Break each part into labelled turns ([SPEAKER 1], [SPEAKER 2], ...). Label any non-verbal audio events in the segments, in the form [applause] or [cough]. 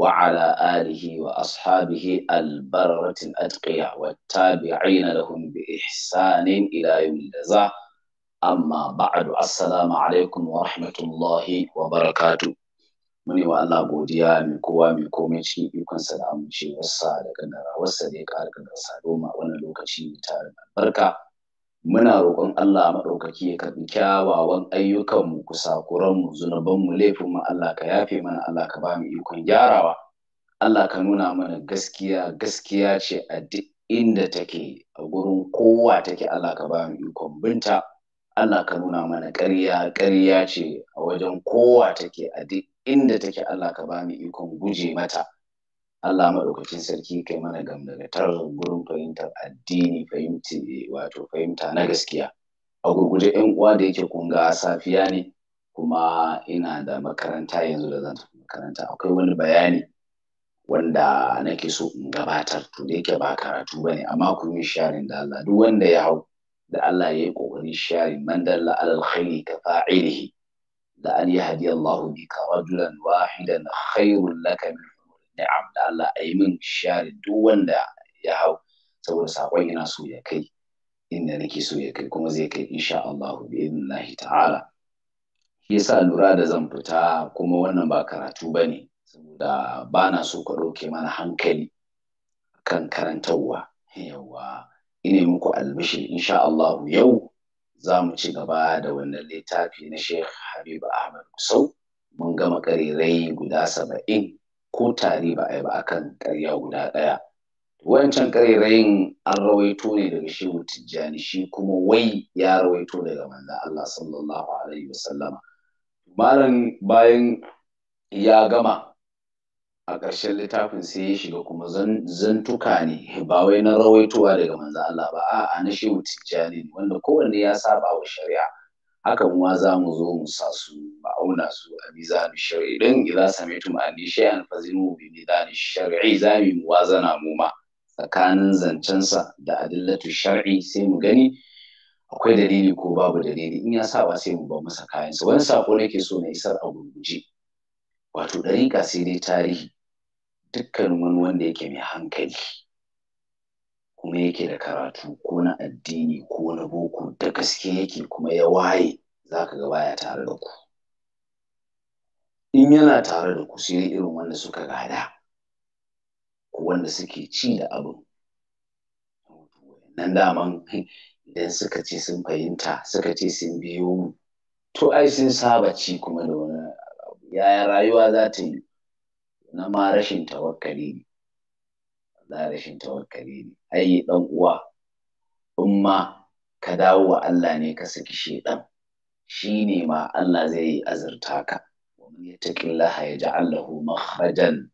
[SPEAKER 1] وعلى آله وأصحابه البرة الأتقياء والتابعين لهم بإحسان إلى يوم الجزاء أما بعد السلام عليكم ورحمة الله وبركاته muni wa Allah godiya mai kowa mai komai cikin ikon da amincewarsa da kaddarawarsa da ya ƙara kaddara sa wannan lokaci tare da albarka muna roƙon Allah maɗaukaki ya karɓi kyawawan ayyukanmu mu zunubanmu laifinmu Allah ka yafe mana Allah ka ba mu ikon gyarawa Allah ka nuna mana gaskiya gaskiya ce a duk inda take a gurin kowa take Allah ka ba mu ikon binta Allah ka nuna mana ƙarya ƙarya ce a wajen kowa take a duk inda take Allah ka ba mu ikon guje mata Allah maɗaukacin sarki kai mana gamdagatar gurin fahimtar addini fahimci wato fahimta na gaskiya a gurguje yan uwa da yake kunga safiya ne kuma ina da makaranta yanzu da zan tafi makaranta akwai wani bayani wanda nake so in gabatar to da yake ba karatu ba ne amma ku yi sharin da Allah duk wanda ya hau da Allah ya yi ƙoƙarin sharin man dalla alal khairi ka fa'ilihi da an yahdi Allahu bika rajulan wahidan khairul laka min ni'am da Allah a yi min share duk wanda ya hau saboda sakon yana so ya kai inda nake so ya kai kuma zai kai insha Allah bi ta'ala shi yasa lura da zan fita kuma wannan ba karatu bane saboda ba na so ka ɗauke mana hankali kan karantarwa yawa ina muku albishi insha Allah yau za mu ci gaba da wannan littafi na Sheikh Habib Ahmad Kusau mun gama ƙarirai guda saba'in ko tare ba a yi ba akan ƙarya guda ɗaya
[SPEAKER 2] wancan ƙarairayin
[SPEAKER 1] an rawaito ne daga shi tijjani shi kuma wai ya rawaito daga manzan Allah sallallahu alaihi wasallama malam bayan ya gama a ƙarshen littafin sai ya shiga kuma zantuka ne ba wai na rawaitowa daga manzan Allah ba a'a na shehu tijjani wanda kowanne ya saba wa shari'a haka ma za mu zo mu sa su mu auna su a mizanu shar'i din idza sami'tum an shay'an fazinu bi mizani shar'i za mu wazana mu ma tsakanin zancensa da adillatu shar'i sai mu gani akwai dalili ko babu dalili in ya ba sai mu ba masa kayansa. wani sako nake so na isar a gurguje wato dariƙa sai dai tarihi dukkan wani wanda yake mai hankali kuma yake da karatu ko na addini ko na boko da gaske yake kuma ya waye za ka ga baya tare da ku in yana tare da ku sai irin wanda suka gada ko wanda suke ci da abin nan daman idan suka ce sun fahimta suka ce sun biyo mu to ai sun saba ci kuma da wani yaya rayuwa za ta yi na ma rashin tawakkali ne na rashin tawakkali ne ai dan uwa in ma ka dawo wa Allah ne ka saki shedan shine ma Allah zai yi azurta ka wa man yattaqillaha yaj'al lahu makhrajan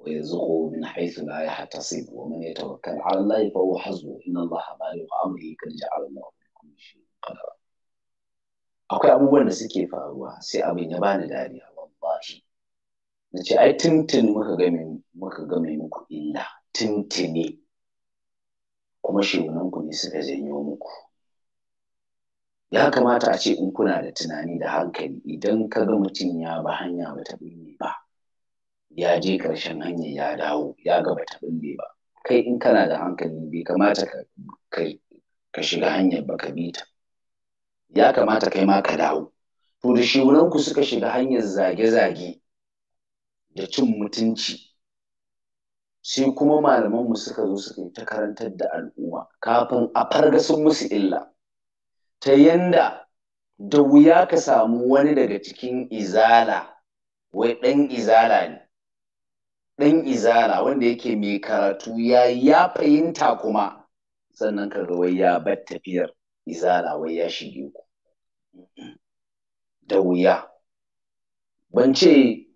[SPEAKER 1] wa yarzuqhu min haythu la yahtasib wa man yatawakkal 'ala Allah fa huwa hasbuh inna Allah baligh amrihi qad ja'ala Allah li kulli shay'in qadara akwai abubuwan da suke faruwa sai abin ya bani dariya wallahi ce ai tuntun muka ga muka ga muku illa tuntuni kuma shehunanku ne suka janyo muku ya kamata a ce in kuna da tunani da hankali idan ka ga mutum ya ba hanya ba ta binne ba ya je ƙarshen hanyar ya dawo ya ga ba ta binne ba kai in kana da hankali bai kamata ka shiga hanyar ba ka bi ta ya kamata kai ma ka dawo to da shehunanku suka shiga hanyar zage-zage da cin mutunci sai kuma malamanmu suka zo suka yi ta karantar da al'umma kafin a farga musu illa ta yanda da wuya ka samu wani daga cikin izala wai ɗan izala ne ɗan izala wanda yake mai karatu ya ya fahimta kuma sannan ka ga wai ya bar tafiyar izala wai ya shige ku da wuya ban ce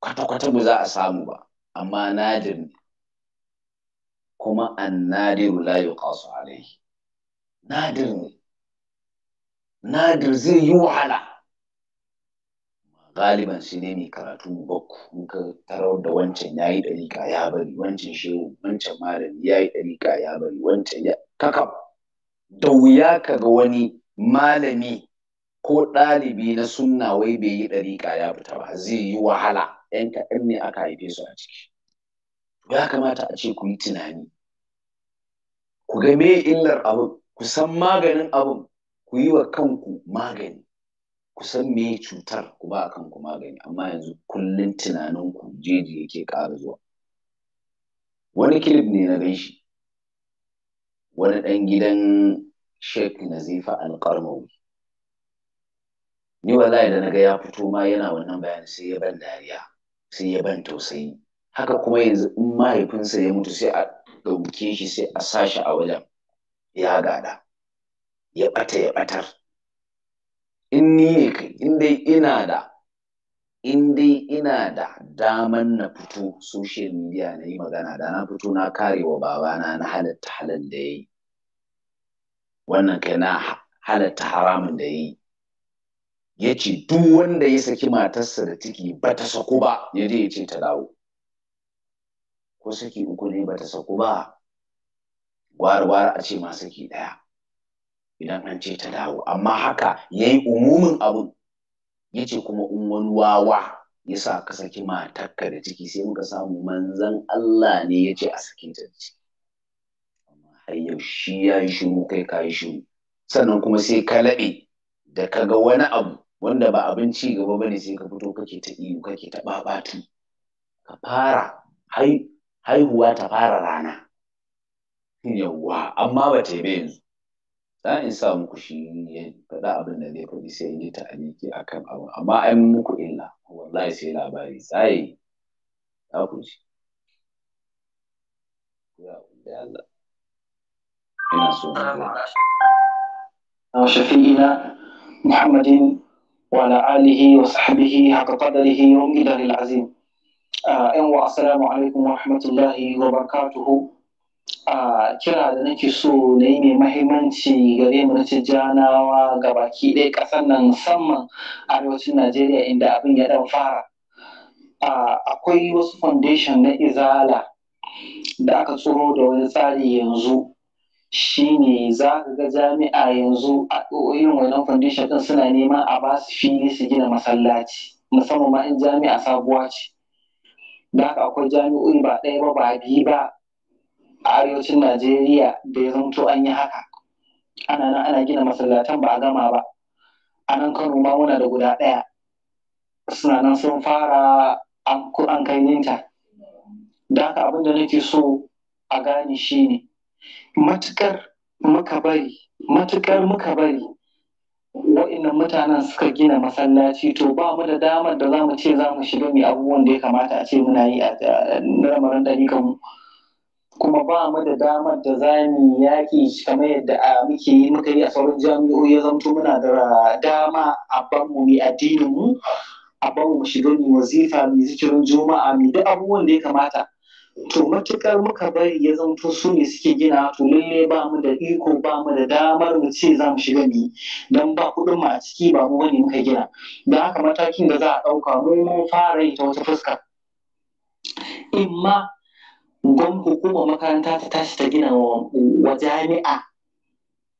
[SPEAKER 1] kwata-kwata mu za a samu ba amma nadir ne kuma annadiru la yuqasu alayhi nadir ne nadir zai yi wahala galiban shi ne mai karatu bakku in ka tarar da wancan ya yi ka ya bari wancan shehu wancan malam ya yi ka ya bari wancan ya kaka da wuya ka ga wani malami ko ɗalibi na sunna wai bai yi ɗariƙa ya fita ba zai yi wahala ‘yan kaɗan ne aka haife su a ciki ya kamata a ce ku yi tunani ku ga me illar abin ku san maganin abin ku yi wa kanku magani ku san me cutar ku ba kanku magani amma yanzu kullum tunanin ku jeji yake ƙara zuwa wani kilif ne na gan shi wani ɗan gidan Sheikh Nazifa Alƙarmawi. Ni wallahi da naga ya fito ma yana wannan bayan sai ya ban dariya, sai ya ban tausayi. haka kuma yanzu in mahaifinsa ya mutu sai a ɗauke shi sai a sa shi a wajen ya gada ya ɓata ya ɓatar in ni ne kai in dai ina da in dai ina da daman na fito social media na yi magana da na fito na kare wa babana na halatta halal da ya yi wannan kai na halatta haramun da ya yi ya ce duk wanda ya saki matarsa da ciki ba ta sako ba ya je ya ce ta dawo ko saki uku ne bata saku ba gwara-gwara a ce ma saki ɗaya idan an ce ta dawo amma haka ya yi umumin abin ya ce kuma in wani wawa ya sa ka saki matarka da ciki sai muka samu manzan Allah ne ya ce a saki ta da ciki amma har yau shi ya yi shiru kai ka yi shiru sannan kuma sai ka laɓe da ka ga wani abu wanda ba abin ci gaba bane sai ka fito kake ta iyo kake ta babatu ka fara hai haihuwa ta fara rana yawwa amma ba ta yi yanzu za in sa muku shi ya faɗa abin da zai faɗi sai yi ta aliki a kan abu amma an muku illa wallahi sai labari tsaye Ya ku ci
[SPEAKER 3] ina so na
[SPEAKER 2] shafi'ina muhammadin wa ala alihi wa sahbihi haka qadarihi wa umidar al'azim. Ah, yan wa assalamu alaikum wa rahmatullahi wa barakatuhu a ah, kira da nake so na yi mai mahimmanci gare mu na janawa ga baki ɗaya ƙasar nan musamman arewacin najeriya inda abin ya ɗan fara ah, akwai wasu foundation na izala da aka tsoro da wani tsari yanzu shine za ka ga jami'a yanzu a ɗoyin wannan foundation ɗin suna neman a ba su fili su gina masallaci musamman ma in jami'a sabuwa ce da haka akwai jami'o'in ba ɗaya ba ba biyu ba a arewacin najeriya da ya zanto an yi haka ana nan ana gina masallatan ba a gama ba a nan kano ma muna da guda ɗaya suna nan sun fara an kai ninta da haka abin da nake so a gane shine matukar muka bari matukar muka bari wa'innan mutanen suka gina masallaci to ba mu da damar da za mu ce za shiga mai abubuwan da ya kamata a ce muna yi a ramarin ɗarikan mu kuma ba mu da damar da za mu yaƙi kamar yadda a muke yi muka yi a sauran jami'o'i ya zamto muna da dama a banmu mu mai addinin mu a banmu mu shiga mai wazifa mai zikirin juma'a mai duk abubuwan da ya kamata to matuƙar muka bari ya zanto su ne suke gina to lalle ba mu da iko ba mu da damar mu ce za mu shiga ni dan ba kuɗin mu a ciki ba mu bane muka gina don haka matakin da za a ɗauka mu mun fara yi ta wata fuska In ma gwam hukumar makaranta ta tashi ta gina wa jami'a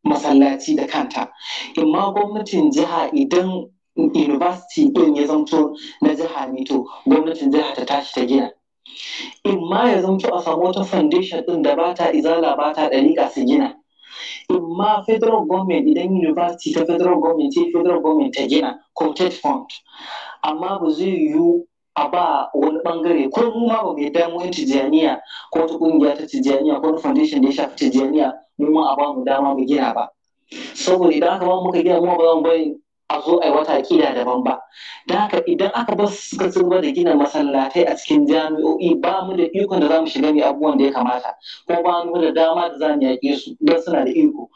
[SPEAKER 2] masallaci da kanta In ma gwamnatin jiha idan university ɗin ya zanto na jiha ne to gwamnatin jiha ta tashi ta gina in ma ya zanto a samu wata foundation ɗin da ba ta izala bata ɗariƙa su gina in ma federal government idan university ta federal government ce federal government ta gina coated fund amma ba zai yiwu a ba wani bangare ko mu ma ba mu damu mu tijjaniya ko wata kungiya ta tijjaniya ko wani foundation da ya shafi tijjaniya mu ma a ba mu dama mu gina ba saboda idan aka ba muka gina mu ba za mu bari a zo a yi wata kila daban ba da haka idan aka bar suka tsirba da gina masallatai a cikin jami'o'i ba mu da iko da za mu shiga mai abubuwan da ya kamata ko ba mu da dama da za mu yaƙe su don suna da iko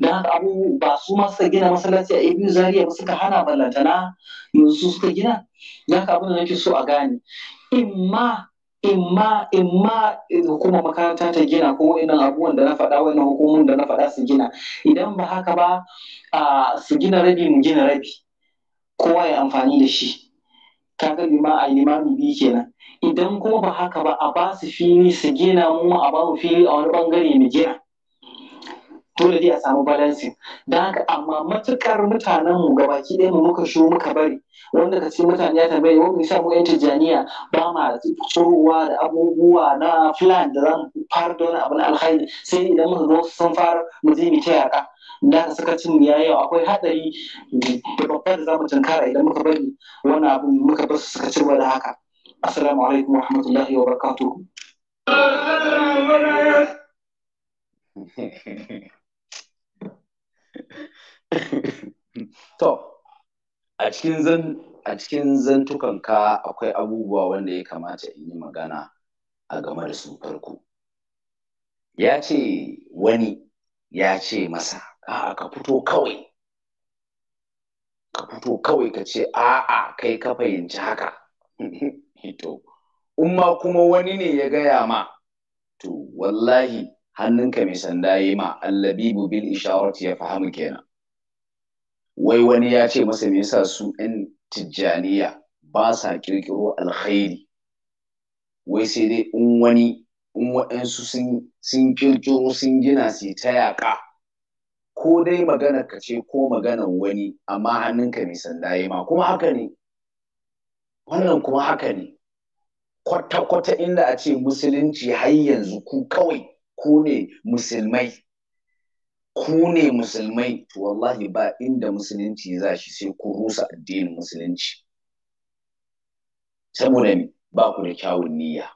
[SPEAKER 2] da haka abu ba su ma suka gina masallaci a ibi zariya ba suka hana ballantana yanzu su suka gina da ka abin da nake so a gane imma. imma imma eh, hukumar makaranta ta gina ko wa'annan abubuwan da na faɗa wa'annan hukumomin da na faɗa su gina idan ba haka ba su gina rabi mu gina rabi kowa ya amfani da shi kaga lima a limami biyu kenan idan kuma ba haka ba a ba su fili su gina mu a ba mu fili a wani bangare mu gina dole dai a samu balancing don haka amma matukar mutanen mu ga baki ɗaya mu muka shiru muka bari wanda ka ce mutane ya tambaye wani sa mu yan Tijaniya ba ma tsohuwa da abubuwa na plan da za fara da wani abu na alkhairi sai idan muka zo wasu sun fara mu je mu ta yaka da ka saka cin ya yau akwai hadari da babban da za mu tunkara idan muka bari wani abu muka bar su suka ci da haka assalamu alaikum wa rahmatullahi wa barakatuhu
[SPEAKER 1] [laughs] [laughs] to a cikin zan a cikin zantukanka akwai abubuwa wanda ya kamata in yi magana a game da su farko ya ce wani ya ce masa a ka fito kawai ka fito kawai ka ce a'a kai ka fahimci haka [laughs] to in ma kuma wani ne ya gaya ma to wallahi hannunka mai sanda yi ma allabibu bil isharat ya fahimu kenan wai wani ya ce masa me yasa su ɗan tijjaniya ba sa kirkiro alkhairi wai sai dai in wani in waɗansu sun kirkiro sun gina su ta yaƙa ko dai magana ka ce ko maganar wani amma hannunka mai sanda yi ma kuma haka ne wannan kuma haka ne kwata-kwata inda a ce musulunci har yanzu ku kawai ku ne musulmai ku ne musulmai to wallahi ba inda musulunci za shi sai ku rusa addinin musulunci saboda ne ba ku da kyawun niyya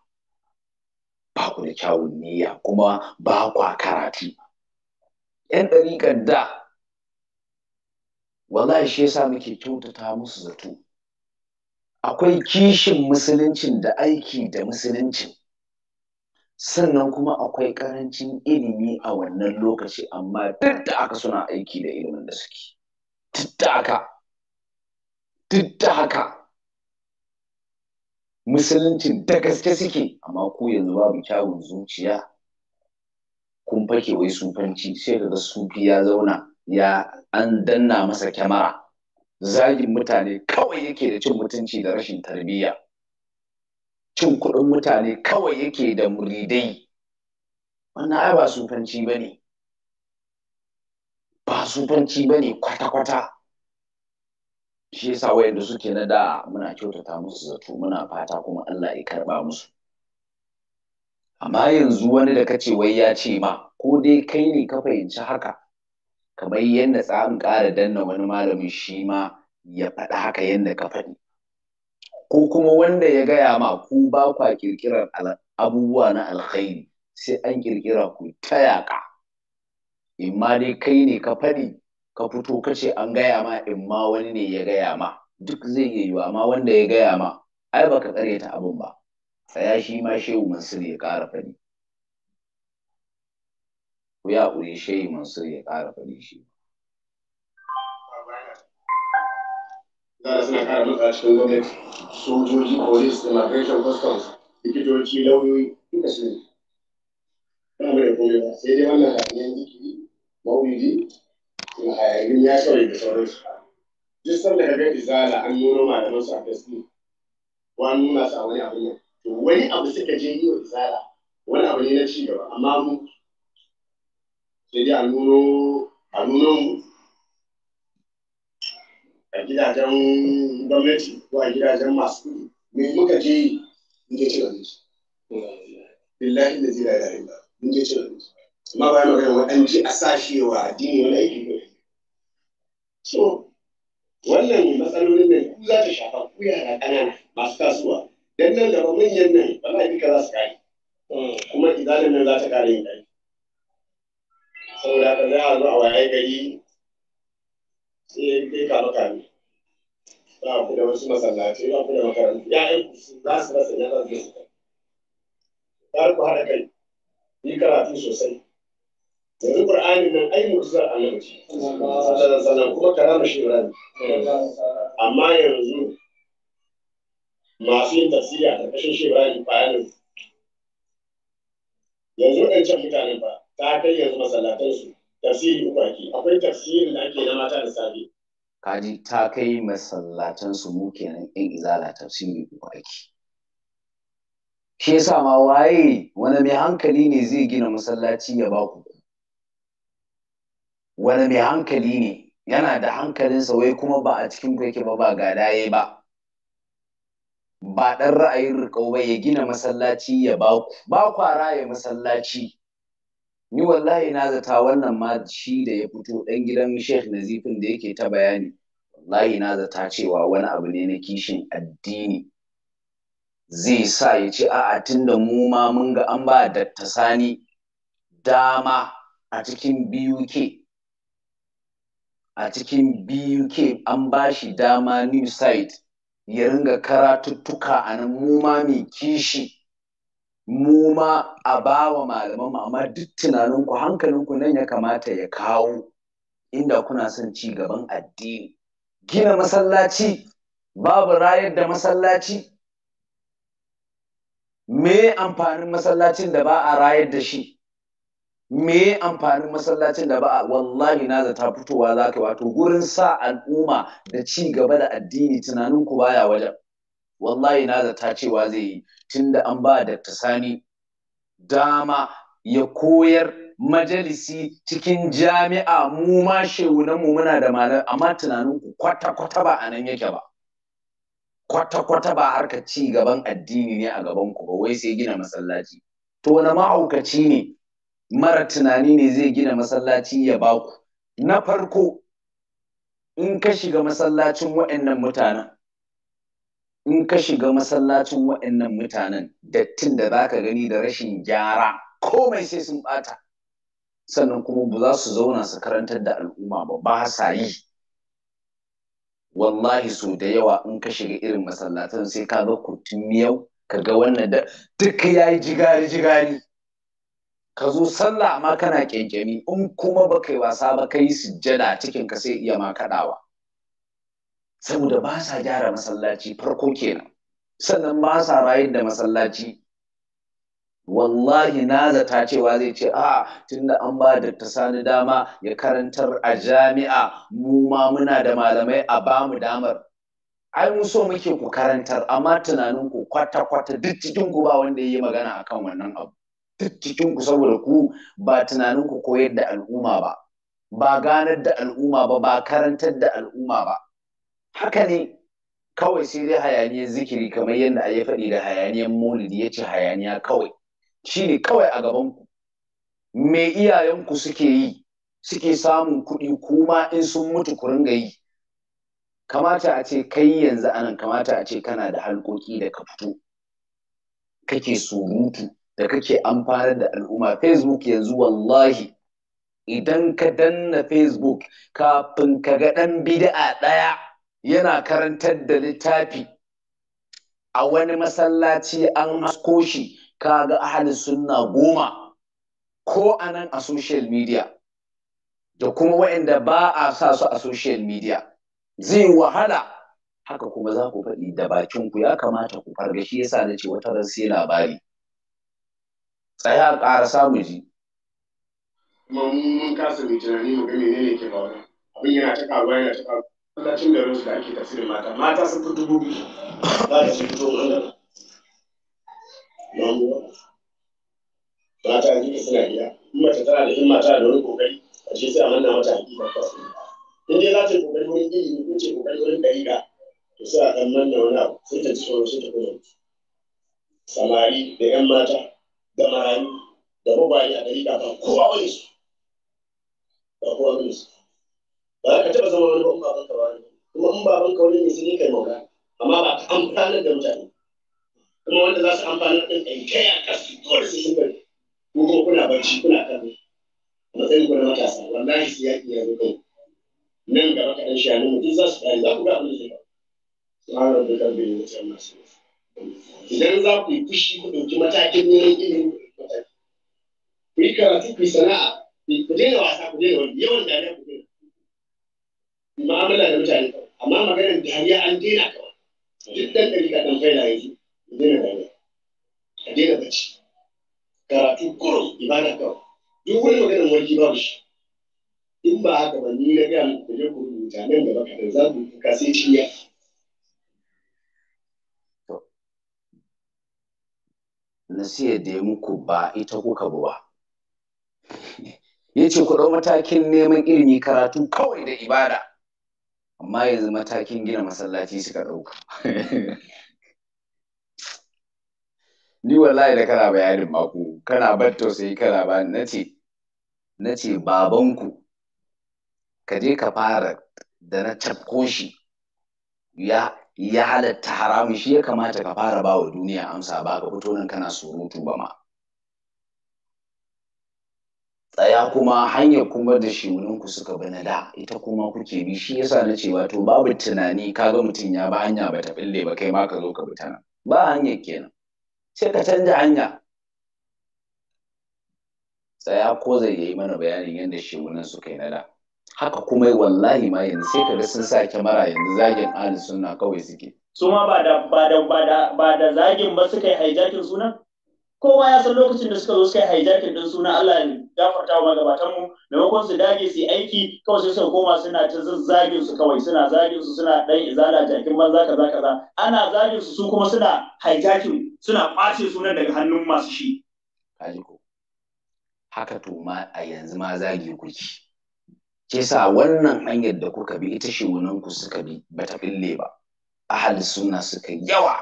[SPEAKER 1] ba ku da kyawun niyya kuma ba kwa karatu yan ɗariƙar da wallahi shi yasa muke kyautata musu zato akwai kishin musuluncin da aiki da musuluncin sannan kuma akwai ƙarancin ilimi a wannan lokaci amma duk da aka suna aiki da ilimin da suke duk da aka duk da haka musuluncin da gaske suke amma ku yanzu babu kyawun zuciya kun fake wai sufanci sai kaga sufi ya zauna ya an danna masa kyamara zagin mutane kawai yake da cin mutunci da rashin tarbiyya cin kuɗin mutane kawai yake da muridai wannan ai ba sufanci ba ne ba sufanci ba ne kwata-kwata shi yasa wayanda suke na da muna kyautata musu zato muna fata kuma Allah ya karɓa musu amma yanzu wani da kace wai ya ce ma ko dai kai ne ka fahimci haka kamar yadda tsarin ƙara danna wani malamin shi ma ya faɗa haka yadda ka faɗi ko kuma wanda ya gaya ma ku ba kwa kirkirar abubuwa na alkhairi sai an kirkira ku ta yaƙa imma dai kai ne ka faɗi ka fito ka ce an gaya ma imma wani ne ya gaya ma duk zai iya yiwa amma wanda ya gaya ma ai baka ta abin ba tsaya shi ma shehu mansur ya ƙara faɗi ku ya ƙuri shehu mansur ya ƙara faɗi shi
[SPEAKER 3] yara suna kara
[SPEAKER 1] matsa cikin gwamnati sojoji
[SPEAKER 3] police immigration customs likitoci lauyoyi duka su ne ba mu da ba sai dai wannan hanyar jiki maulidi hayayyun ya kawai da sauransu duk sanda ka kaga izala an nuna malaman su a gaske ko an nuna su a wani abu ne to wani abu suka je yi wa izala wani abu ne na cigaba amma mu sai dai a nuno a nuno mu gidajen gwamnati ko a gidajen masu kuɗi me muka je yi ce je cin abinci billahi da zira da riba mun je cin abinci amma bayan magana wa an ji a sashewa addini wani aiki ko so wannan matsalolin nan ku za ta shafa ku yara ƙanana masu kasuwa dan nan gaba manyan nan wallahi duka za su kare kuma idanun nan za ta kare yin Sau saboda haka za a zo a waye gari sai kai kama kame ba ku da wasu masallaci ba ku da makarantu ya'yan ku za su rasa yana da su kar ku haɗa kai yi karatu sosai yanzu ƙur'ani nan ai mu'jizar annabi ce sannan kuma karama shi rani amma yanzu masu yin tafsiri a ƙarƙashin shi rani bayanin yanzu waɗancan mutanen ba ta kai yanzu masallatansu tafsiri uku ake akwai tafsirin da ake na mata
[SPEAKER 1] da safe kaji ta kai masallatan su mu kenan in izala tafsiri ko aiki shi yasa ma waye wani mai hankali ne zai gina masallaci ya ba ku wani mai hankali ne yana da hankalinsa wai kuma ba a cikin ku yake ba ba gadaye ba ba ɗan ra'ayin rikau ba ya gina masallaci ya ba ku ba kwara ya masallaci ni wallahi na zata wannan ma shi da ya fito ɗan gidan Sheikh Nazifin da yake ta bayani wallahi na zata cewa wani abu ne na kishin addini zai sa ya ce a'a tunda mu ma mun ga an ba Dr. Sani dama a cikin BUK a cikin BUK an ba shi dama new site ya ringa karatuttuka a nan mu ma mai kishi mu ma a wa malaman mu amma duk tunaninku hankalinku nan ya kamata ya kawo inda kuna son ci gaban addini gina masallaci babu rayar da masallaci me amfanin masallacin da ba a rayar da shi me amfanin masallacin da ba a wallahi na zata fitowa za ka wato gurin sa al'umma da ci gaba da addini tunaninku baya wajen wallahi na zata cewa zai yi tunda an ba da tasani dama ya koyar majalisi cikin jami'a mu ma shehunan mu muna da malam amma tunanin ku kwata kwata ba a nan yake ba kwata kwata ba harka ci gaban addini ne a gaban ku ba wai sai gina masallaci to wani ma'aukaci ne mara tunani ne zai gina masallaci ya baku na farko in ka shiga masallacin waɗannan mutanen in ka shiga masallacin waɗannan mutanen dattin da za ka gani da rashin gyara komai sai sun ɓata sannan kuma ba za su zauna su karantar da al'umma ba ba sa yi wallahi so da yawa in ka shiga irin masallatan sai ka ga kurtun miyau ka ga wannan da duk ya yi jigari jigari ka zo sallah ma kana kyankyami in kuma ba kai wasa ba ka yi sujjada cikin ka sai iya ma kaɗawa saboda ba sa gyara masallaci farko kenan sannan ba sa rayar da masallaci wallahi na zata cewa zai ce a tunda an ba da ta sani dama ya karantar a jami'a mu ma muna da malamai a ba mu damar ai mu so muke ku karantar amma tunanin ku kwata kwata duk cikin ku ba wanda yayi magana akan wannan abu duk cikin ku saboda ku ba tunanin ku koyar da al'umma ba ba ganar da al'umma ba ba karantar da al'umma ba haka ne kawai sai dai hayaniyar zikiri kamar yadda a ya faɗi da hayaniyar maulidi ya ce hayaniya kawai shi ne kawai a gabanku me iyayenku suke yi suke samun kuɗi kuma in sun mutu ku ringa yi kamata a ce kai yanzu anan kamata a ce kana da halkoki da ka fito kake surutu da kake amfanar da al'umma facebook yanzu wallahi idan ka danna facebook kafin ka ga ɗan bida'a ɗaya yana karantar da littafi a wani masallaci an hasko shi kaga ahalin sunna goma ko a nan a social media da kuma waɗanda ba a sa su a social media zai wahala haka kuma za ku faɗi da bakinku ya kamata ku farga shi yasa na ce wata ran sai labari tsaya ƙara samu ji
[SPEAKER 3] mun kasa mai tunani mu ga menene ke faruwa abin yana ta ƙaruwa yana ta ƙaruwa masallacin garin su da ake tafsirin mata mata sun fi dubu biyu da su fito wannan mata hakika suna gida in mace tana da yin mata da wani kokari a ce sai a manna mata hakika ta su in dai za ta kokari wurin ilimi ko ce kokari wurin dariƙa to sai a ɗan manna wani abu sai ta ci tsoro sai ta kuma samari da ƴan mata da marayu da mabayi a dariƙa ba kowa bane su ba kowa bane su ba ka taɓa zama wani ba in baban ka wani kuma in baban ka wani ne sai kai mauka amma ba ka amfanar da mutane kuma wanda za su amfanar da kai kai a kasu dole su sun bari ko kuma kuna barci kuna kallo a matsayin ku na matasa wallahi su yaƙi ya zo kai nan gaba kaɗan shi yanin mutum za su ɗari za ku ga abin da zai faru tsarin da kan bai wuce masu idan za ku yi fushi ku ɗauki matakin neman ilimin ku ɗauki matakin. ku yi karatu ku yi sana'a ku daina wasa ku daina wani yawan dariya ku mu'amala da mutane kawai, amma maganar dariya an daina kawai duk dan ɗari ka ɗan faila yanzu ya daina dariya a daina bacci karatu kurum ibada kawai duk wani maganar warki babu shi in ba haka ba ni na gaya muku je ku rubuta nan gaba kadan za ku kuka sai cinya
[SPEAKER 1] nasiyar da ya muku ba ita kuka ba [laughs] ya ce ku ɗau matakin neman ilimi karatu kawai da ibada amma yanzu matakin gina masallaci suka ɗauka [laughs] ni wallahi da kana bayanin mako kana bar tausayi kana ba na ce na ce babanku ka je ka fara da na cafko shi ya ya halatta haramun shi ya kamata ka fara ba wa duniya amsa ba ka fito nan kana surutu ba ma tsaya kuma hanyar kuma da shimuninku suka bi na da ita kuma kuke bi shi yasa na ce wato babu tunani kaga mutum ya ba hanya ba ta bille ba kai ma ka zo ka bi ta nan ba hanyar kenan sai ka canja hanya tsaya ko zai yi mana bayanin yadda shehunan suka yi na da haka kuma wallahi ma yanzu sai ga sun sa kyamara yanzu zagin ahli sunna kawai suke
[SPEAKER 4] su ma ba da ba da ba da ba da zagin ba suka yi hijacking sunan kowa ya san lokacin da suka zo suka yi hijacking din sunan Allah ne gafarta wa mu maimakon su dage su aiki kawai sai su koma suna ta zazzagin su kawai suna zagin su suna dan izala jakin banza kaza kaza ana zagin su su kuma suna
[SPEAKER 1] hijacking suna kwace sunan daga hannun masu shi haka to ma a yanzu ma zagi kuki ke sa wannan hanyar da kuka bi ita shi wannan ku suka bi bata bille ba ahal suna suka yawa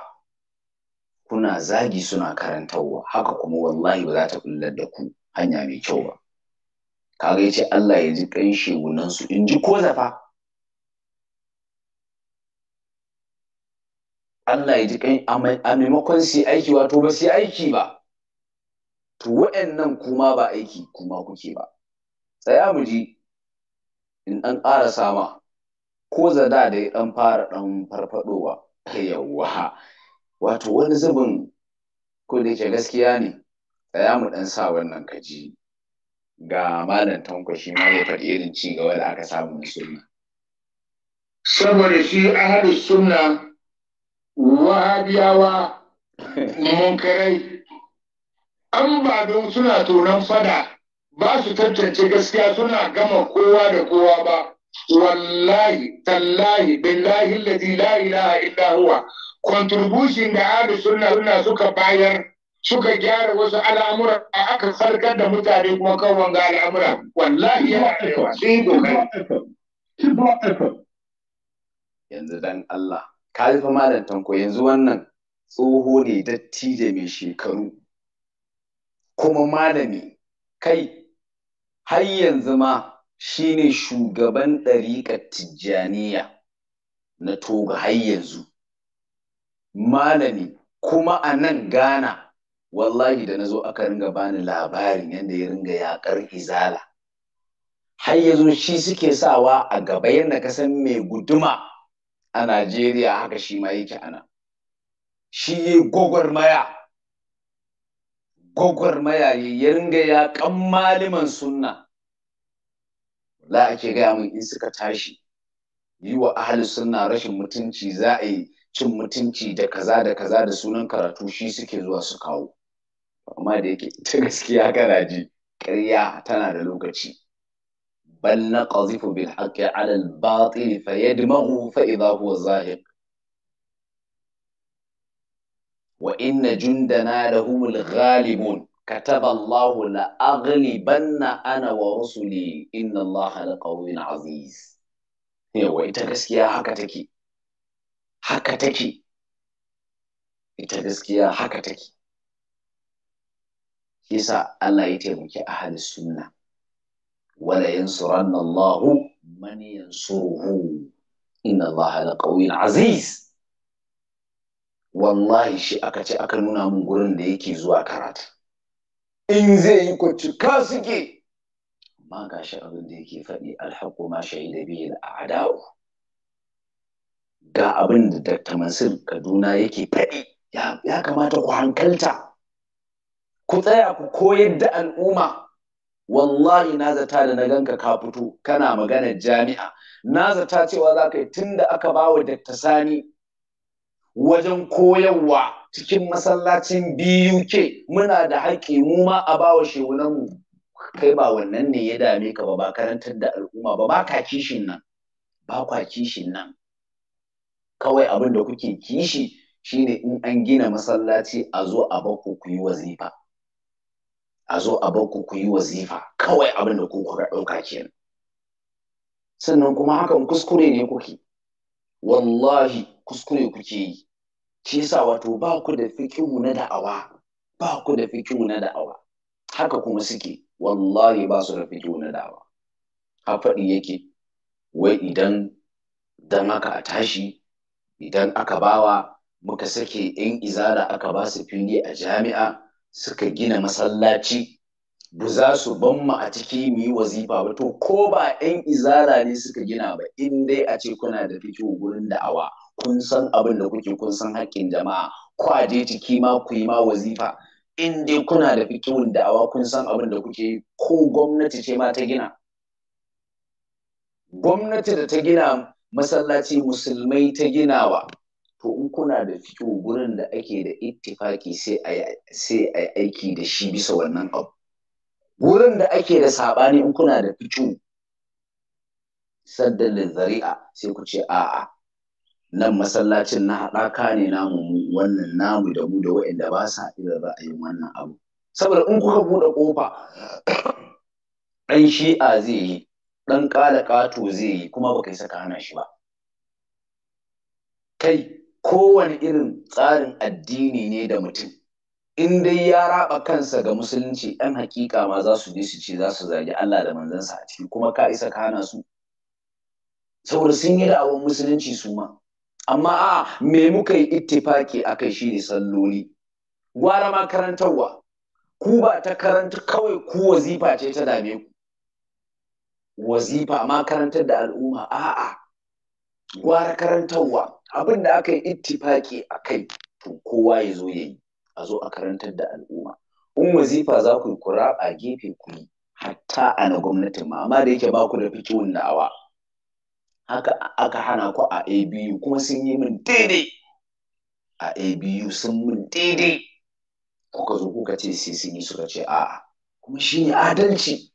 [SPEAKER 1] kuna zagi suna karantarwa haka kuma wallahi ba za ta kullar da ku hanya mai kyau ba kaga yace Allah ya ji kan shegunan su in ji ko zafa Allah ya ji kan a maimakon su aiki wato ba su aiki ba to wa'annan kuma ba aiki kuma kuke ba tsaya mu ji in an ƙara sama ko zada da ya ɗan fara ɗan farfadowa yawwa wato wani zubin ko da yake gaskiya ne tsaya mu ɗan sa wannan kaji ga malam tanko shi ma ya faɗi irin ci gaba da aka samu na sunna
[SPEAKER 3] saboda shi ahlus sunna wahabiyawa [laughs] munkarai an ba don suna tonon fada ba su tantance gaskiya suna gama kowa da kowa ba wallahi tallahi billahi allazi la ilaha illa huwa contribution da ahlus sunna suna suka bayar suka gyara wasu al'amura aka farkar da mutane
[SPEAKER 1] kuma kan wanga al'amura wallahi ya da yi yanzu dan Allah ka fa malam tanko yanzu wannan tsoho ne da mai shekaru kuma malami kai har yanzu ma shine shugaban ɗariƙar tijjaniya na toga har yanzu malami kuma a nan Ghana wallahi da na zo aka ringa bani labarin yadda ya ringa yaƙar izala har ya shi suke sawa a gaba yadda ka san mai guduma a Najeriya haka shi ma yake ana shi ya gwagwarmaya gwagwarmaya ya ringa yaƙan maliman sunna la ake gaya min in suka tashi yi wa ahli sunna rashin mutunci za a yi cin mutunci da kaza da kaza da sunan karatu shi suke zuwa su kawo amma da yake ta gaskiya kana ji ƙarya tana da lokaci bal naqdhifu bil haqqi ala al batil fayadmaghu fa idha huwa zahiq wa inna jundana lahumul ghalibun كتب الله لأغلبن أنا ورسلي إن الله لقوي عزيز yawa ita gaskiya haka take ita gaskiya haka take kisa Allah ya taimaki ahli sunna wala yansuranna Allahu man yansuruhu inna Allah la qawiyyun aziz wallahi shi aka ce aka nuna mun gurin da yake zuwa karatu in zai yi ku cika suke amma ga shi abin da yake faɗi alhaƙu ma shahida bihi al'ada'u ga abin da Dr. Mansur Kaduna yake faɗi ya kamata ku hankalta ku tsaya ku koyar da al'umma wallahi na zata da na ganka ka fito kana maganar jami'a na zata cewa za ka yi tun da aka ba wa Dr. Sani wajen koyarwa cikin masallacin BUK muna da haƙƙi mu ma a ba wa mu. kai ba wannan ne ya dame ka ba ba karantar da al'umma ba ba ka kishin nan ba kwa kishin nan kawai abin da kuke kishi shine in an gina masallaci a zo a bako ku yi wazifa a zo a bar ku yi wazifa kawai abin da ku ɗauka kenan sannan kuma hakan kuskure ne kuke wallahi kuskure kuke yi shi yasa wato ba ku da fikihu na da'awa ba ku da fikihu na da'awa haka kuma suke wallahi ba su da fikihu na da'awa a faɗi yake wai idan dan haka a tashi idan aka bawa muka sake yan izara aka ba su fili a jami'a suka gina masallaci ba za su ban mu a ciki mu yi wazifa ba to ko ba ɗan izala ne suka gina ba in dai a ce kuna da fito gurin da'awa kun san abin da kuke kun san haƙƙin jama'a ko a je ciki ma ku yi ma wazifa in dai kuna da fikihun da'awa kun san abin da kuke ko gwamnati ce ma ta gina gwamnati da ta gina masallaci musulmai ta ginawa kuna da fito gurin da ake da ittifaki sai a aiki da shi bisa wannan abu gurin da ake da saɓani in kuna da fito saddalin zari'a sai ku ce a'a
[SPEAKER 2] nan masallacin na haɗaka ne namu
[SPEAKER 1] wannan namu da mu da waɗanda ba sa irin ra'ayin wannan abu saboda in kuka buɗe ƙofa ɗan shi'a zai yi ɗan ƙala ƙato zai yi kuma baka yi saka hana shi ba kai kowane irin tsarin addini ne da mutum in dai ya raba kansa ga musulunci ɗan hakika ma za su je su ce za su zagi Allah da manzansa a ciki kuma ka isa ka hana su saboda sun yi da'awar musulunci su ma amma a me muka yi ittifaki akai shi ne salloli gwara ma karantarwa ku ba ta karanta kawai ku wazifa ce ta dame ku wazifa ma karantar da al'umma a'a gwara karantarwa abin da aka yi ittifaki a kai to kowa ya zo ya yi a zo a karantar da al'umma in wazifa za ku yi kura a gefe ku yi hatta a na gwamnatin ma amma da yake ba ku da fikihun da'awa haka aka hana ku a abu kuma sun yi min daidai a abu sun min daidai kuka zo kuka ce sai sun yi suka ce a'a kuma shi ne adalci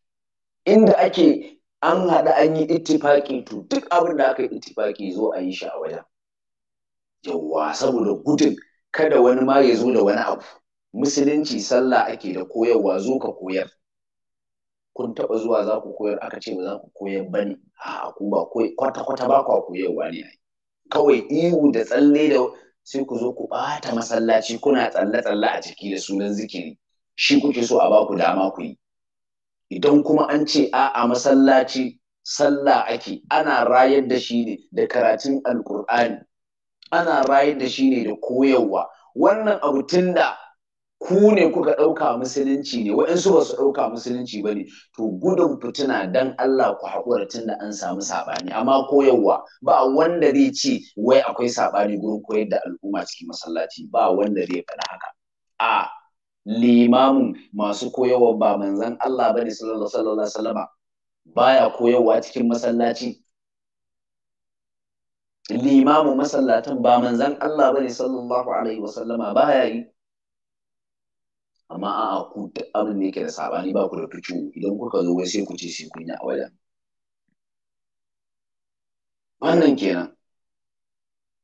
[SPEAKER 1] inda ake an haɗa an yi ittifaki to duk abin da aka yi ittifaki zo a yi shi a wajen yawwa saboda gudun kada wani ma ya zo da wani abu musulunci sallah ake da koyarwa zo ka koyar kun taɓa zuwa za ku koyar aka ce ba za ku koyar ba ne a ku ba kwata-kwata ba ku koyarwa ne kawai ihu da tsalle da sai ku zo ku bata masallaci kuna tsalle-tsalle a ciki da sunan zikiri shi kuke so a ba ku dama ku yi idan kuma an ce a a masallaci sallah ake ana rayar da shi ne da karatun alkur'ani ana bayar da shi ne da koyarwa wannan abu da ku ne kuka ɗauka musulunci ne waɗansu ba su ɗauka musulunci ba ne to gudun fituna dan Allah ku haƙura tun da an samu saɓani amma koyarwa ba wanda zai ce wai akwai saɓani gurin koyar da al'umma cikin masallaci ba wanda zai faɗa haka a limamin masu koyarwa ba manzon Allah bane sallallahu alaihi wasallam baya koyarwa cikin masallaci limamin masallatan ba manzan Allah bane sallallahu alaihi wasallama ba ya yi amma a'a ku duk abin ne yake da sabani ba ku da tucu idan kuka zo wai sai ku ce sai kun yi a wajen wannan kenan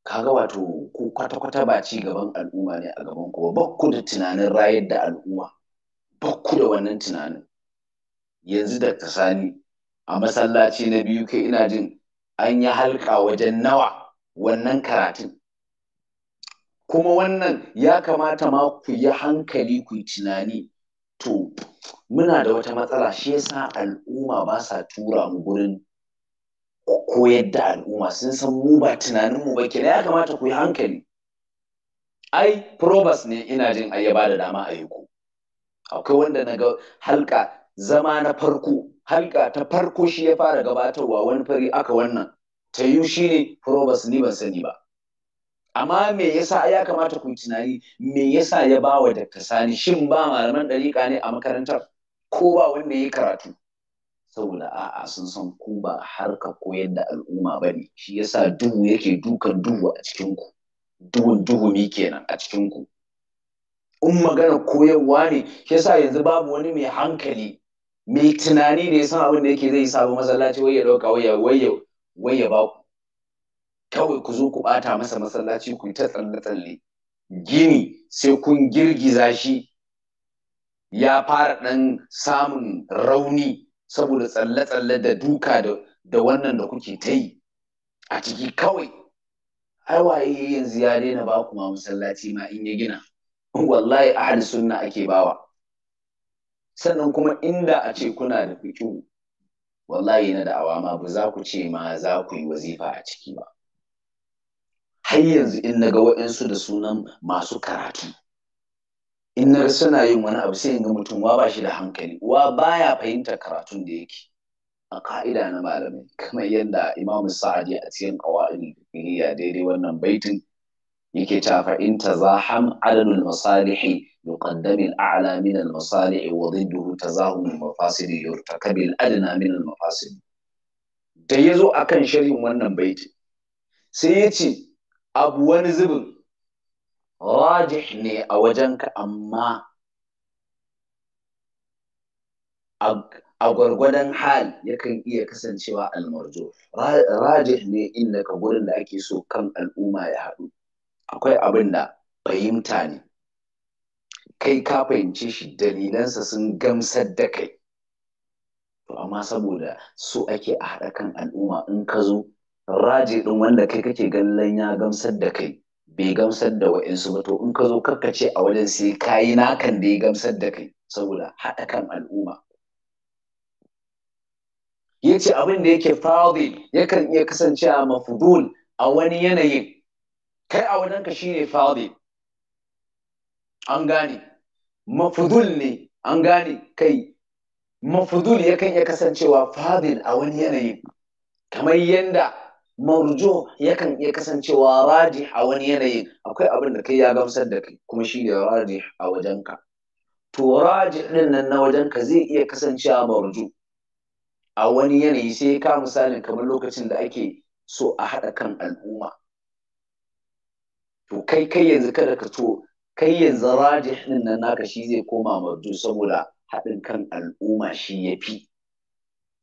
[SPEAKER 1] kaga wato ku kwata-kwata ba ci gaban al'umma ne a gaban ku ba ku da tunanin rayar da al'umma ba ku da wannan tunanin yanzu da sani a masallaci na biyu kai ina jin an yi halka wajen nawa wannan karatun kuma wannan ya kamata ma ku yi hankali ku tunani to
[SPEAKER 2] muna da wata matsala shi
[SPEAKER 1] yasa al'umma ba sa tura mu gurin koyar da al'umma sun san mu ba tunaninmu ba kenan ya kamata ku yi hankali ai probas ne ina jin ai ya ba da dama a yi ku akwai wanda na ga halka zama na farko halka ta farko shi ya fara gabatarwa wani fari aka wannan ta yi shi ne probus ni ban sani ba amma me yasa ya kamata ku tunani me yasa ya ba wa da Sani shin ba malaman ɗariƙa ne a makarantar ko ba wanda ya karatu saboda a'a sun san ku ba harka koyar da al'umma ba ne shi yasa duhu yake dukan duhu a cikin ku duhun mi kenan a cikin ku in magana koyarwa ne shi yasa yanzu babu wani mai hankali mai tunani ne ya san abin da yake zai sabu masallaci wai ya ɗauka wai ya ba ku kawai ku zo ku bata masa masallaci ku ta tsalle-tsalle gini sai kun girgiza shi ya fara ɗan samun rauni saboda tsalle-tsalle da duka da wannan da kuke ta yi a ciki kawai ai waye yanzu ya daina baku ma masallaci ma in ya gina wallahi ahli sunna ake bawa sannan kuma inda a ce kuna da fiƙi wallahi na da awa ma ba za ku ce ma za ku yi wazifa a ciki ba har yanzu in na ga waɗansu da sunan masu karatu in na suna yin wani abu sai in ga mutum wa ba shi da hankali wa baya fahimtar karatun da yake a ka'ida na malamai kamar yadda imamu sa'adi a cikin ƙawa'in ya daidai wannan baitin
[SPEAKER 2] yake ta fa in
[SPEAKER 1] tazaham adadul masalihi yuqaddam al a'la min al masalihi wa dhidduhu tazahum al mafasid yurtakab al adna min al mafasid da yazo akan sharhin wannan baiti sai yace abu wani zubin rajih ne a wajenka amma a gwargwadon hal yakan iya kasancewa almarjo rajih ne inda ka gurin da ake so kan al'umma ya haɗu akwai abin da fahimta ne kai ka fahimci shi dalilansa sun gamsar da kai to amma saboda su ake a haɗa kan al'umma in ka zo raje ɗin wanda kai kake ganin ya gamsar da kai bai gamsar da wa'insu ba to in ka zo karkace a wajen sai ka yi, nakan da ya gamsar da kai saboda haɗa kan al'umma ya ce abin da yake fadil yakan iya kasancewa mafudul a wani yanayin kai a wajenka ne fadi an gane mafudul ne an gane kai mafudul yakan iya kasancewa fadil a wani yanayin kamar yadda marjo yakan iya kasancewa raji a wani yanayi akwai abin da kai ya gamsar da kai kuma shi ne raji a wajenka to raji din nan na wajenka zai iya kasancewa marjo a wani yanayi sai ka misalin kamar lokacin da ake so a haɗa kan al'umma to kai kai yanzu kada ka so kai yanzu rajih din nan naka shi zai koma mardu saboda haɗin kan al'umma shi ya fi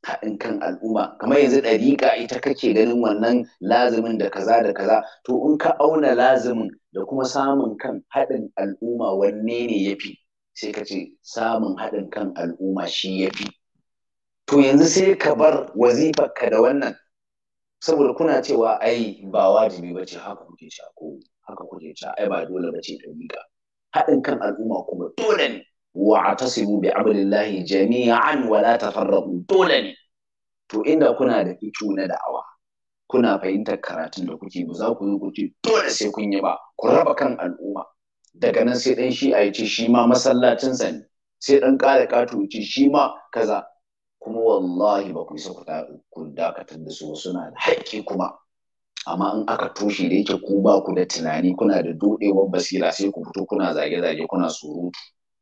[SPEAKER 1] haɗin kan al'umma kamar yanzu ɗariƙa ita kake ganin wannan lazimin da kaza da kaza to in ka auna lazimin da kuma samun kan haɗin al'umma wanne ne ya fi sai ka ce samun haɗin kan al'umma shi ya fi to yanzu sai ka bar wazifarka da wannan saboda kuna cewa ai ba wajibi ba ce haka kuke shako haka kuke ta ai ba dole ba ce dariƙa haɗin kan al'umma kuma dole ne wa atasimu bi amrillahi jami'an wa la tafarraqu dole ne to inda kuna da fitu na da'awa kuna fahimtar karatun da kuke ba za ku yi ku dole sai kun yi ba ku raba kan al'umma daga nan sai ɗan shi'a a ce shi ma masallacinsa ne sai dan ƙara ƙato ce shi ma kaza kuma wallahi ba ku isa ku dakatar da su suna da haƙƙi kuma amma in aka toshe da yake ku ba ku da tunani kuna da dodewar basira sai ku fito kuna zage-zage kuna surutu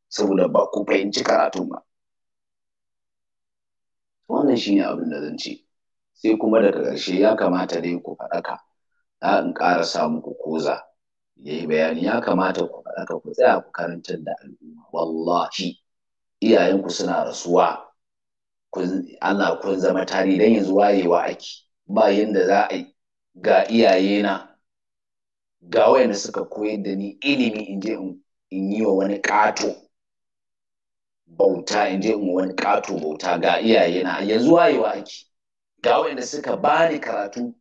[SPEAKER 1] saboda ba ku fahimci karatun ba wannan shine abin da zan ce sai kuma daga ƙarshe ya kamata dai ku faɗaka na in ƙara sa muku koza ya yi bayani ya kamata ku faɗaka ku tsaya ku karantar da al'umma wallahi iyayenku suna rasuwa Allah kun zama tari dan yanzu wayewa ake ba yanda za a yi ga iyayena ga wayanda suka koyar da ni ilimi in je in yi wa wani ƙato bauta in je in wani ƙato bauta ga iyayena yanzu wayewa ake ga wayanda suka bani karatu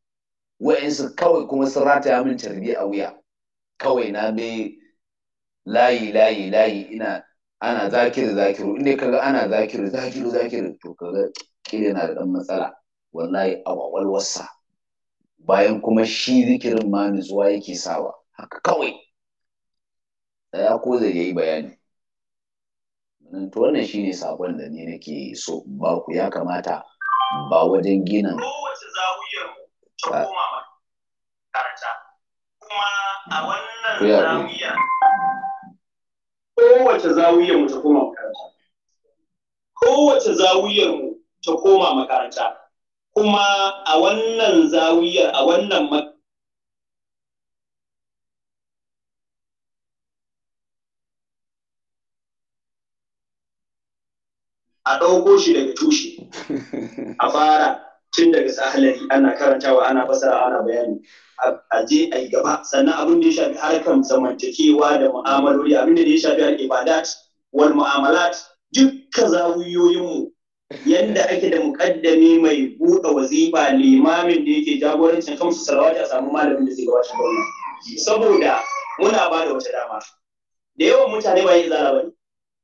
[SPEAKER 1] wayansu kawai kuma sun rataya min tarbi a wuya kawai na be layi layi layi ina ana zakiru zakiru inda kaga ana zakiru zakiru zakiru to kaga kila na da dan matsala wallahi a kwakwalwarsa bayan kuma shi zikirin ma nutsuwa yake sawa haka kawai ya ko zai yayi bayani mm, to wannan shine sakon da ni nake so ba ku ya kamata ba wajen gina ah. kowace zawiyar mu ta koma makaranta
[SPEAKER 4] kowace zawiyar mu ta koma makaranta kuma a wannan zawiyar a wannan a ɗauko shi daga tushe a fara tun daga sahalari ana karantawa ana fasara ana bayani a je a yi gaba sannan abin da ya shafi harkar zamantakewa da mu'amaloli abin da ya shafi harkar ibadat wal mu'amalat dukkan zawiyoyinmu yadda ake da mukaddami mai buɗe wazifa limamin da yake jagorancin kamsu salawati a samu malamin da zai gabatar da wannan saboda muna ba da wata dama da yawan mutane ba yin izala ba ne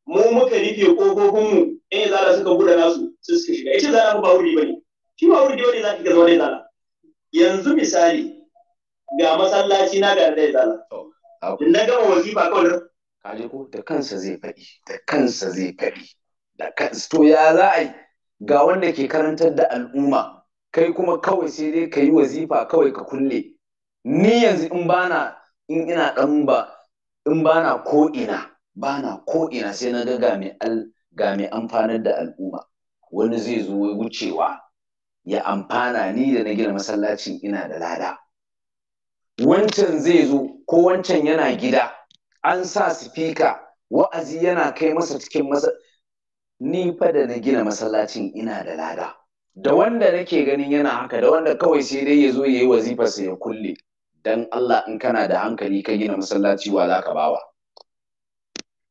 [SPEAKER 4] mu muka rufe ƙofofinmu in izala suka buɗe nasu su suka shiga ita izala ba wuri ba ne shi ba wuri dole za ka zama wani izala yanzu misali ga masallaci na ga da izala
[SPEAKER 1] na gama wazifa kawai ko da kansa zai faɗi da kansa zai faɗi to ya za a yi ga wanda ke karantar da al'umma kai kuma kawai sai dai ka yi wazifa kawai ka kulle ni yanzu in bana in ina ɗan ba in bana ko ina bana ko ina sai na ga ga mai amfanar da al'umma wani zai zo wucewa ya amfana ni da na gina masallacin ina da lada wancan zai zo ko wancan yana gida an sa sifika wa'azi yana kai masa cikin masa ni fa da na gina masallacin ina da lada da wanda nake ganin yana haka da wanda kawai sai dai ya zo ya yi wazifa wazifarsa ya kulle dan Allah in kana da hankali ka gina masallaci wa za ka bawa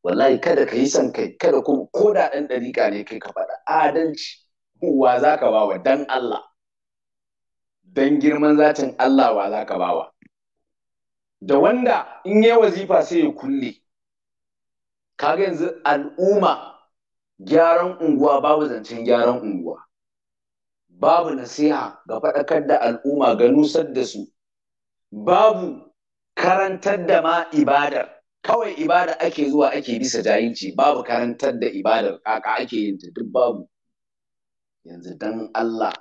[SPEAKER 1] wallahi kada ka yi son kai kada kuma ko da ɗan ɗariƙa ne kai ka faɗa adalci wa za ka bawa dan Allah dan girman zatin Allah wa za ka bawa da wanda in yi wazifa sai ya kulle kaga yanzu al'umma gyaran unguwa babu zancen gyaran unguwa babu nasiha ga faɗakar da al'umma ga nusar da su babu karantar da ma ibadar kawai ibada ake zuwa ake bisa jahilci babu karantar da ibadar kaka ake yin ta duk babu yanzu dan Allah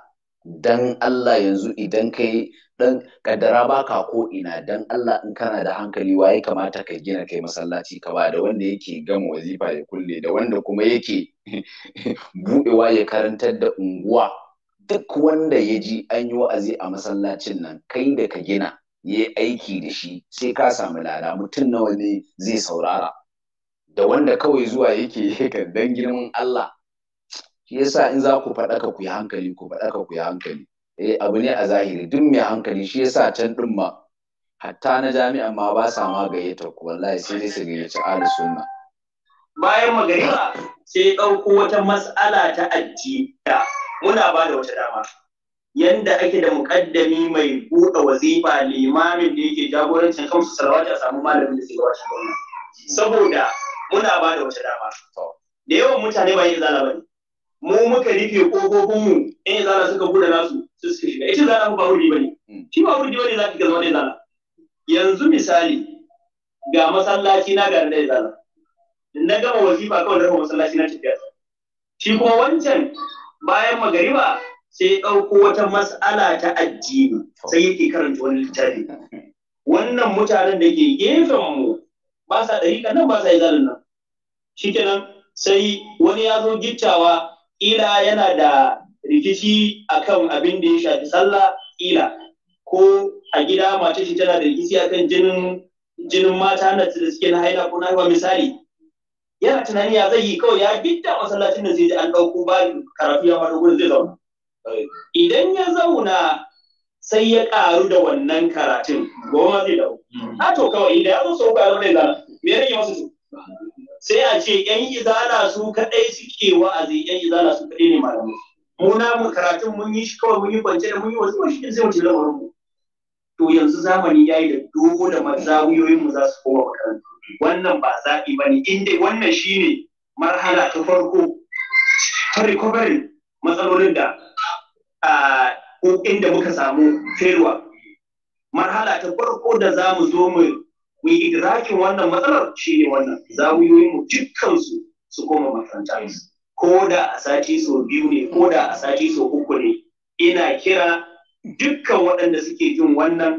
[SPEAKER 1] dan Allah yanzu idan kai dan kaddara baka ko ina dan Allah in kana da hankali Wa ya kamata ka gina kai masallaci ka ba da wanda yake gama wazifa ya kulle da wanda kuma yake [laughs] buɗewa ya karantar da unguwa duk wanda ya ji an yi wa'azi a masallacin nan kai da ka gina ya yi aiki da shi sai ka samu lada mutum nawa ne zai saurara da wanda kawai zuwa yake kan [laughs] dan girman Allah shi yasa in za ku faɗa ka ku yi hankali ku faɗa ka ku yi hankali eh abu ne a zahiri duk mai hankali shi yasa can din ma hatta na jami'an ma ba sa ma gayyata ku wallahi sai dai su gayyaci ahli sunna
[SPEAKER 4] bayan magariba
[SPEAKER 1] sai ɗauko wata mas'ala ta
[SPEAKER 4] addini muna ba da wata dama yanda ake da muƙaddami mai buɗe wazifa limamin da yake jagorancin kamsu salawati a samu malamin da zai gabatar da wannan saboda muna ba da wata dama da yawan mutane ba yin zalaba ne mu muka rufe kofofinmu in izala suka bude nasu su suka shiga ita zala ba wuri ne mm. shi ba wuri ne za ka zama da izala yanzu misali ga masallaci na ga da izala na gama wazifa kawai da masallaci na tafiya shi kuma wancan bayan magariba sai ya ɗauko wata mas'ala ta addini sai yake karanta wani littafi wannan mutanen da ke gefen mu ba sa ɗariƙa nan ba sa izalin nan shikenan sai wani ya zo gittawa ila yana da rikici akan abin da ya shafi sallah ila ko a gida mace shi tana da rikici akan jinin jinin mata na da suke na haila ko na haifa misali yana tunani ya zai yi kawai ya bidda masallacin da zai ji an ɗauko ba karatu ya faɗo gudun zai zauna idan ya zauna sai ya ƙaru da wannan karatun goma zai dawo hmm. a ah, to kawai idan ya zo sau ƙaru zai zana me ya rage masu su sai a ce yan izala su kadai suke wa'azi yan izala su kadai ne malamai mu na mu karatun mun yi shi kawai mun yi kwance da mun yi wasu shi sai mu lamarin mu to yanzu zamani ya yi da maza mazawiyoyin mu za su koma makarantu wannan ba zaɓi ne, inda wannan shi ne marhala ta farko ta recovery matsalolin da inda muka samu failure marhala ta farko da za mu zo mu ku idrakin wannan matsalar shi ne wannan za mu dukkan su su koma makaranta ko da a sati so biyu ne ko da a sati so uku ne ina kira dukkan waɗanda suke jin wannan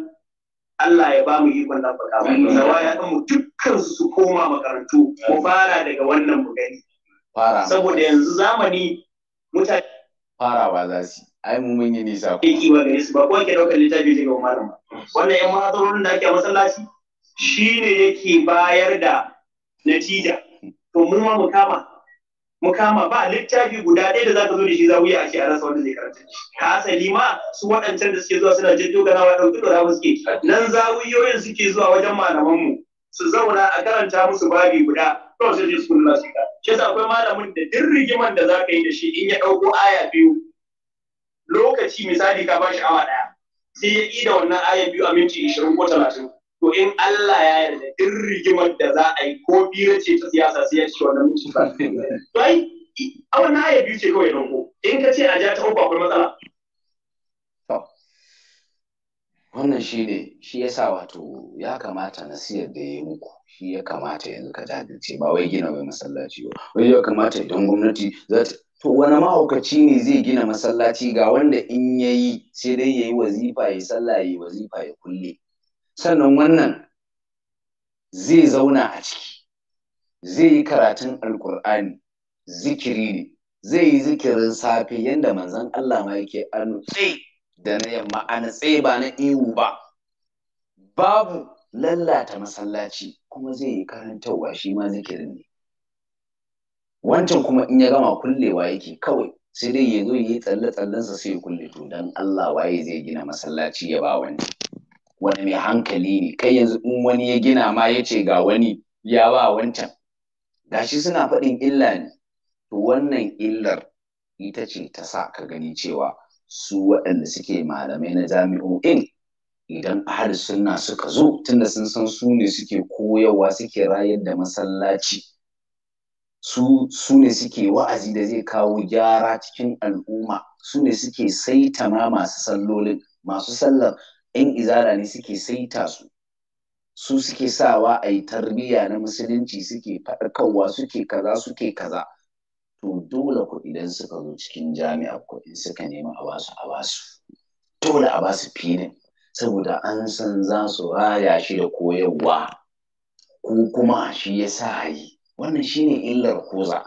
[SPEAKER 4] Allah ya ba mu ikon nan baka zawa ya mu dukkan su koma makarantu mu fara daga wannan mu gani saboda yanzu zamani mutane ba za su
[SPEAKER 1] ai mu mun yi nisa ko ba gare
[SPEAKER 4] su ba ko ke daukar littafi daga malama. wannan yan mahadarolin da ake masallaci shi ne yake bayar da natija to mu ma mu kama mu kama ba littafi guda ɗaya da zaka zo da shi wuya a ce a rasa wanda zai karanta ka asali ma su waɗancan da suke zuwa suna jiddo ganawa ɗauki da mu suke nan zawiyoyin suke zuwa wajen malaman mu su zauna a karanta musu babi guda to sai su kula su ka shi yasa akwai malamin da duk rigiman da zaka yi da shi in ya ɗauko aya biyu lokaci misali ka bashi awa ɗaya sai ya ƙi da wannan aya biyu a minti ishirin ko talatin to in Allah ya yarda duk rigimar da za a yi ko bira ce ta siyasa sai ya ci wannan mutum ba to ai a wannan aya biyu ce kawai nan ko in ka ce a ja ta uku akwai matsala
[SPEAKER 1] wannan shi ne shi ya sa wato ya kamata nasiyar da ya yi muku shi ya kamata yanzu ka jajirce ba wai gina wai masallaci ba wai ya kamata idan gwamnati za ta to wani mahaukaci ne zai gina masallaci ga wanda in yayi yi sai dai ya yi wazifa ya sallah ya yi wazifa ya kulle sannan wannan zai zauna a ciki zai yi karatun alkur'ani zikiri ne zai yi zikirin safe yadda manzon Allah ma yake a da na yamma a tsaye ba na ihu ba babu lallata masallaci kuma zai yi karantarwa shi ma zikirin ne wancan kuma in ya gama kullewa yake kawai sai dai ya zo yi tsalle-tsallensa sai ya kulle to dan Allah waye zai gina masallaci ya ba wani wani mai hankali ne kai yanzu in wani ya gina ma ya ce ga wani ya ba wancan shi suna faɗin illa ne to wannan illar ita ce ta sa ka gani cewa su waɗanda suke malamai na jami'o'in idan ahal sunna suka zo tunda sun san su ne suke koyarwa suke rayar da masallaci su su ne suke wa'azi da zai kawo gyara cikin al'umma su ne suke saita ma masu sallolin masu sallar 'yan izara ne suke saita su su suke sawa a yi tarbiyya na musulunci suke faɗarkarwa suke kaza suke kaza to dole ku idan suka zo cikin jami'a ku in suka nemi a basu a basu dole a basu filin saboda an san za su raya shi da koyarwa ko kuma shi ya sa yi wannan shine illar koza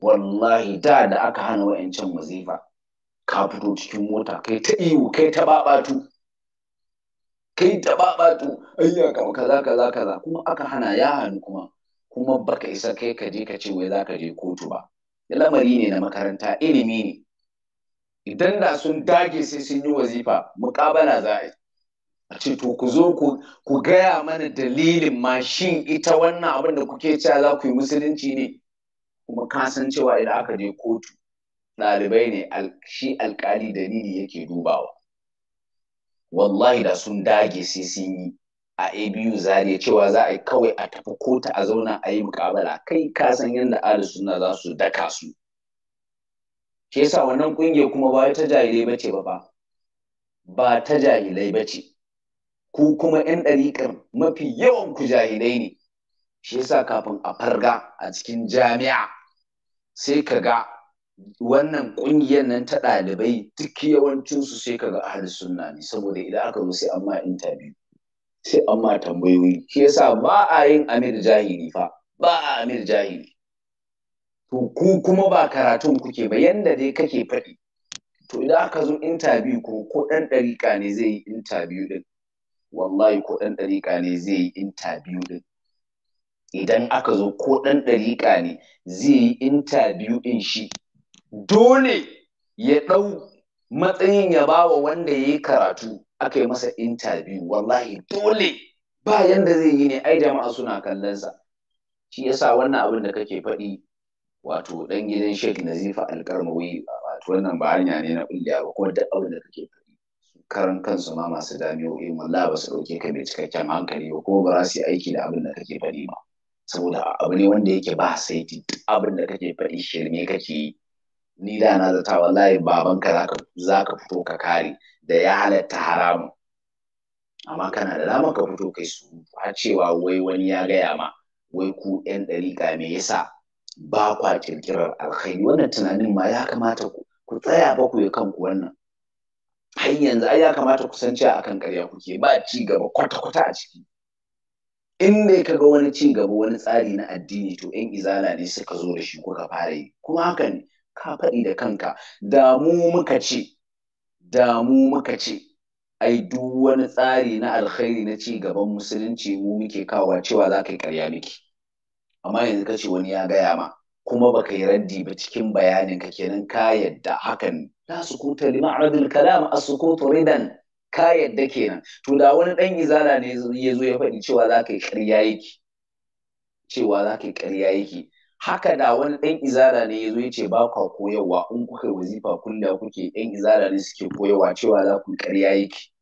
[SPEAKER 1] wallahi da da aka hana wa'ancan wazifa ka fito cikin mota kai ta ihu kai ta babatu kai ta babatu ayya ka kaza kaza kaza kuma aka hana ya hannu kuma kuma baka isa kai ka je ka ce wai za ka je kotu ba lamari ne na makaranta ilimi ne idan da sun dage sai sun yi wazifa muƙabala za a yi a ce to ku zo ku gaya mana dalilin mashin ita wannan abin da kuke cewa za ku yi musulunci ne kuma ka san cewa idan aka je kotu ɗalibai ne shi alƙali dalili yake dubawa wallahi da sun dage sai sun yi a abu zariya cewa za a yi kawai a tafi kota a zauna a yi mukabala kai ka san yadda ahli sunna za su daka su ke sa wannan kungiyar kuma ba ta jahilai bace ba ba ba ta jahilai bace ku kuma yan dariƙar mafi yawan ku jahilai ne shi yasa kafin a farga a cikin jami'a sai ka ga wannan ƙungiyar nan ta ɗalibai duk yawancinsu sai kaga ahli sunna ne saboda idan aka zo sai an ma interview sai an ma tambayoyi shi yasa ba a yin amir jahili fa ba a amir jahili to ku kuma ba karatun kuke ba yanda dai kake faɗi to idan aka zo interview ko ko ɗan ɗariƙa ne zai yi interview ɗin wallahi ko ɗan ɗariƙa ne zai yi interview ɗin idan aka zo ko ɗan ɗariƙa ne zai yi interview ɗin shi dole ya ɗau matsayin ya ba wa wanda ya yi karatu aka yi masa intabi. wallahi dole ba yanda zai yi ne ai jama'a suna kallon sa. shi yasa wannan abin da kake faɗi wato ɗan gidan Sheikh Nazifa Alkarmawi wato wannan ba hanya ne na ƙungiya ba kuma duk abin da kake faɗi karan kansu ma masu damiyo eh wallahi ba su ɗauke ka mai cikakken hankali ba kuma ba za su yi aiki da abin da kake faɗi ba saboda abu ne wanda yake ba saiti duk abin da kake faɗi shirme kake yi ni da na zata wallahi babanka zaka ka fito ka kare da ya halatta haramun amma kana da dama ka fito kai su a cewa wai wani ya gaya ma wai ku yan ɗariƙa me yasa ba kwa kirkirar alkhairi wannan tunanin ma ya kamata ku tsaya ba ku yi kanku wannan har yanzu ai ya kamata ku san cewa akan ƙarya kuke ba ci gaba kwata-kwata a ciki in dai ka ga wani ci gaba wani tsari na addini to yan izana ne suka zo da shi kuka fara yi kuma haka ne ka faɗi da kanka da mu muka ce da mu muka ce ai duk wani tsari na alkhairi na ci gaban musulunci mu muke kawa cewa za ka yi ƙarya miki amma yanzu ka ce wani ya gaya ma kuma baka yi raddi ba cikin bayanin ka kenan ka yadda hakan la sukuta li ma'radil kalam as-sukutu ridan ka yadda kenan to da wani dan izala ne ya zo ya faɗi cewa za ka yi ƙarya yake cewa za ka yi ƙarya yake haka da wani ɗan izara ne ya zo ya ce ba kwa koyarwa in kuka wazifa kulla kuke ɗan izara ne suke koyarwa cewa za ku ƙarya yake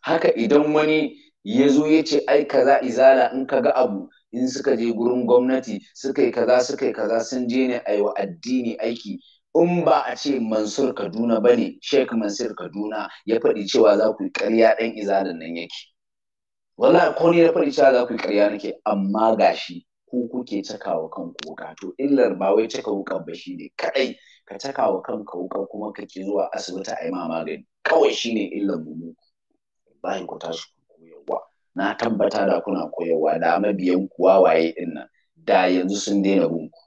[SPEAKER 1] haka idan wani ya zo ya ce ai kaza izara, in ka ga abu in suka je gurin gwamnati suka yi kaza suka yi kaza sun je ne a wa addini aiki in ba a ce mansur kaduna ba ne sheik mansur kaduna ya faɗi cewa za ku yi ƙarya ɗan izara nan yake wallahi ko ne ya faɗi cewa za ku yi ƙarya nake amma gashi ku kuke cakawa kanku wuka to illar ba wai caka wukan ba shi ne kadai ka wa kanka wuka kuma ka zuwa asibiti a yi ma magani kawai shi ne illar mu wallahi ku tashi ku koyarwa na tabbata da kuna koyarwa da mabiyan ku wawaye din nan da yanzu sun daina bin ku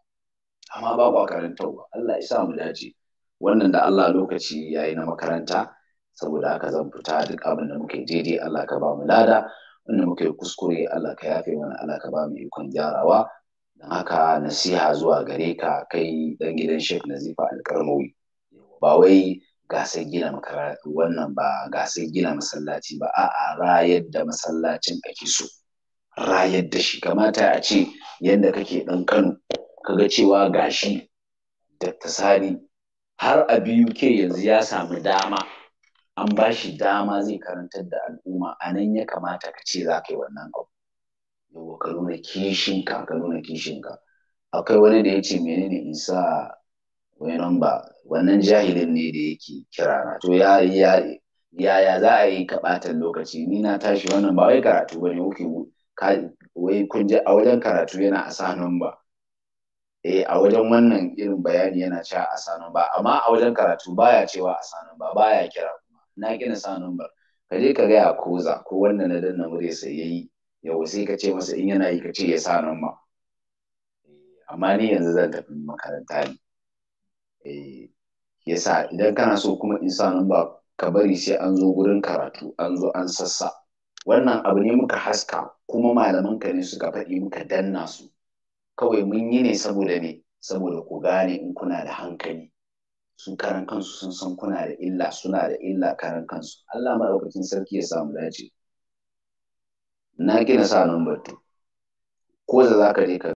[SPEAKER 1] amma ba kwa karantarwa Allah ya sa mu dace wannan da Allah lokaci yayi na makaranta saboda haka zan fita duk abin da muke daidai Allah ka ba mu lada wanda muka yi kuskure Allah ka yafe mana Allah ka ba mu ikon gyarawa dan haka nasiha zuwa gare ka kai dan gidan Sheikh Nazifa Alƙarmawi ba wai gasar gina wannan ba gasar gina masallaci ba a'a rayar da masallacin ake so rayar da shi kamata a ce yadda kake ɗan Kano kaga cewa gashi da tasari har a biyu ke yanzu ya samu dama an ba shi dama zai karantar da al'umma a nan ya kamata ka ce za ka yi wannan abu yau ka nuna kishinka ka nuna kishinka akwai wani da ya ce menene in sa wani ba wannan jahilin ne da yake kira na to ya yaya za a yi kaɓatan lokaci ni na tashi wannan ba wai karatu ba ne wuke wai kun je a wajen karatu yana a sa ba eh a wajen wannan irin bayani yana cewa a sa ba amma a wajen karatu baya cewa a sa ba baya kira na gina sa number ka je ka gaya koza ko wannan na danna murya sai yayi Yau sai ka ce masa in yana yi ka ce ya sa number eh, amma ni yanzu zan tafi makaranta ne eh yasa idan kana so kuma in sa numba ka bari sai an zo gurin karatu an zo an sassa wannan abu ne muka haska kuma malaman ka ne suka faɗi muka danna su kawai mun yi ne saboda ne saboda ku gane in kuna da hankali Sun karan kansu sun san kuna da illa suna da illa karan kansu Allah maɗaukakin sarki ya samu dace na gina sa number 2 ko da za
[SPEAKER 3] ka je ka